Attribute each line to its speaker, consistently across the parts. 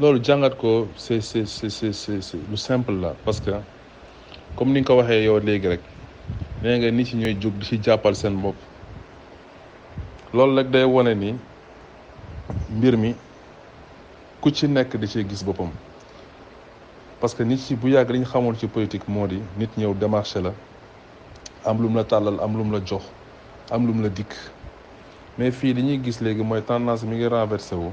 Speaker 1: loolu jàngat ko c'est c'est lu simple la parce que comme ni nga ko waxee yow léegi rek nee nga nit ci ñooy jóg di ci jàppal seen bopp loolu rek day wane ni mbir mi ku ci nekk di ci gis boppam parce que nit ci bu yàgg li ñu xamul ci politique moo di nit ñëw démarché la am lum la tàllal am lum la jox am lu mu la dikk mais fii li ñuy gis léegi mooy tendance mi ngi renversé wu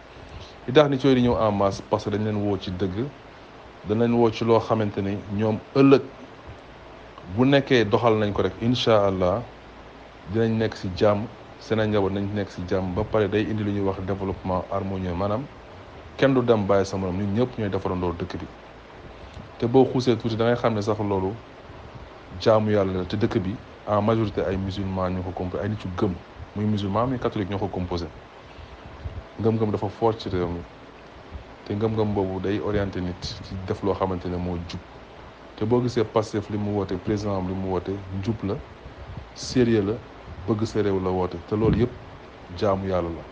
Speaker 1: li tax nit yooyu di ñëw en mas parce que dañ leen woo ci dëgg dañ leen woo ci loo xamante ni ñoom ëllëg bu nekkee doxal nañ ko rek incha allah dinañ nekk si jàmm seen njaboot nañ nekk si jàmm ba pare day indi lu ñuy wax développement harmonieux maanaam kenn du dem bàyyi sa morom ñun ñëpp ñooy defarandoo dëkk bi te boo xuusee tuuti da ngay xam ne sax loolu jaamu yàlla la te dëkk bi en majorité ay musulman ñoo ko composé ay nit yu gëm muy musulman muy catholique ñoo ko composé ngëm-ngëm dafa fort ci réew mi te ngëm-ngëm boobu day orienté nit ci def loo xamante ne moo jub te boo gisee Pastef li mu woote président am li mu woote njub la sérieux la bëgg sa réew la woote te loolu yëpp jaamu yàlla la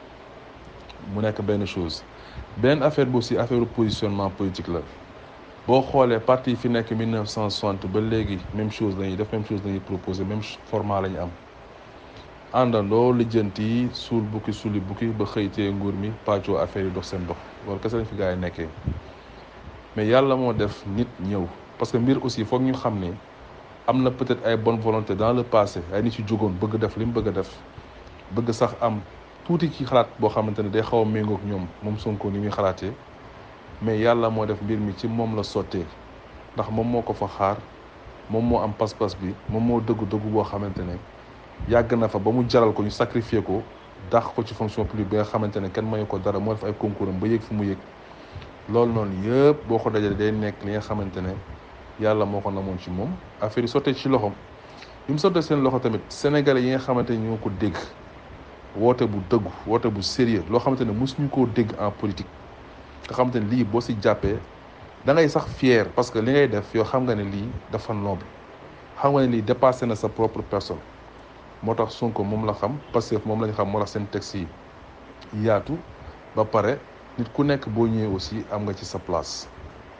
Speaker 1: mu nekk benn chose benn affaire bu aussi affaire positionnement politique la boo xoolee parti fi nekk 1960 ba léegi même chose la ñuy def même chose la ñuy proposé même format la ñu am àndandoo lijjanti suul bukki suuli bukki ba xëytee nguur mi pàccoo affaire yi dox seen dox loolu kese fi gaa yi nekkee mais yàlla moo def nit ñëw parce que mbir aussi foog ñu xam ne am na peut-être ay bonne volonté dans le passé ay nit yu jógoon bëgg def li mu bëgg a def bëgg sax am tuuti ci xalaat boo xamante ne day xaw a méngoog ñoom moom Sonko ni muy xalaatee mais yàlla moo def mbir mi ci moom la sottee ndax moom moo ko fa xaar moom moo am pas-pas bi moom moo dëggu dëggu boo xamante ne. yàgg na fa ba mu jaral ko ñu sacrifier ko dàq ko ci fonction publique bi nga xamante ne kenn mayu ko dara moo def ay concours ba yëg fu mu yëg loolu noonu yëpp boo ko dajale day nekk li nga xamante ne yàlla moo ko namoon ci moom affaire yi sottee ci loxom bi mu sottee seen loxo tamit sénégalais yi nga xamante ne ñoo ko dégg woote bu dëggu woote bu sérieux loo xamante ne mu mosuñu ko dégg en politique nga xamante ne lii boo si jàppee da sax fier parce que li ngay def yoo xam nga ne lii dafa noble xam nga ne lii dépassé na sa propre personne moo tax Sonko moom la xam Pastef moom lañ xam moo tax seen texte yi yaatu ba pare nit ku nekk boo ñëwee aussi am nga ci sa place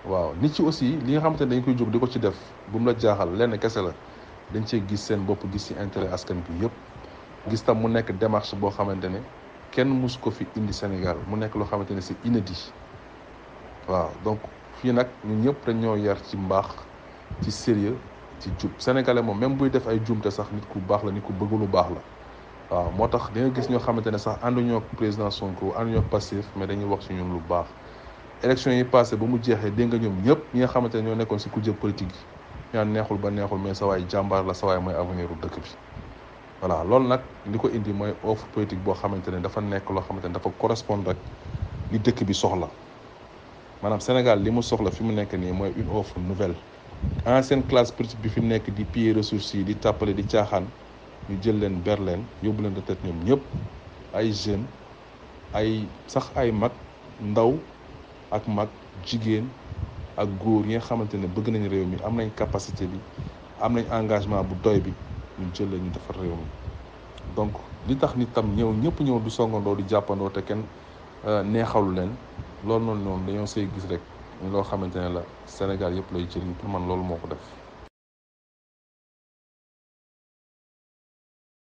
Speaker 1: waaw nit ci aussi li nga xamante ne dañ koy jóg di ko ci def bu mu la jaaxal lenn kese la dañ cee gis seen bopp gis ci intérêt askan bi yëpp gis tam mu nekk démarche boo xamante ne kenn mosu ko fi indi Sénégal mu nekk loo xamante ne si inédit waaw donc fii nag ñun ñëpp dañ ñoo yar ci mbaax ci sérieux ci jub sénégalais moom même buy def ay juumte sax nit ku baax la nit ku bëgg lu baax la waaw moo tax di gis ñoo xamante ne sax ànduñoo ak président Sonko ànduñoo ak Pastef mais dañuy wax ci ñun lu baax élection yi passé ba mu jeexee dégg nga ñoom ñëpp ñi nga xamante ne ñoo nekkoon si kujje politique yi ñaan neexul ba neexul mais sa waay la sa mooy avenir u dëkk bi voilà loolu nag li ko indi mooy offre politique boo xamante ne dafa nekk loo xamante ne dafa rek li dëkk bi soxla maanaam Sénégal li mu soxla fi mu nekk nii mooy une offre ancienne classe politique bi fi nekk di piller ressources yi di tàppale di caaxaan ñu jël leen berleen yóbbu leen retraite ñoom ñëpp ay jeunes ay sax ay mag ndaw ak mag jigéen ak góor yi nga xamante ne bëgg nañ réew mi am nañ capacité bi am nañ engagement bu doy bi ñu jël leen ñu defar réew mi donc li tax nit tam ñëw ñëpp ñëw du songandoo di jàppandoo te kenn euh, neexalu leen loolu noonu noonu dañoo say gis rek loo xamante ne la Sénégal yëpp lay jëriñ pour man loolu moo ko def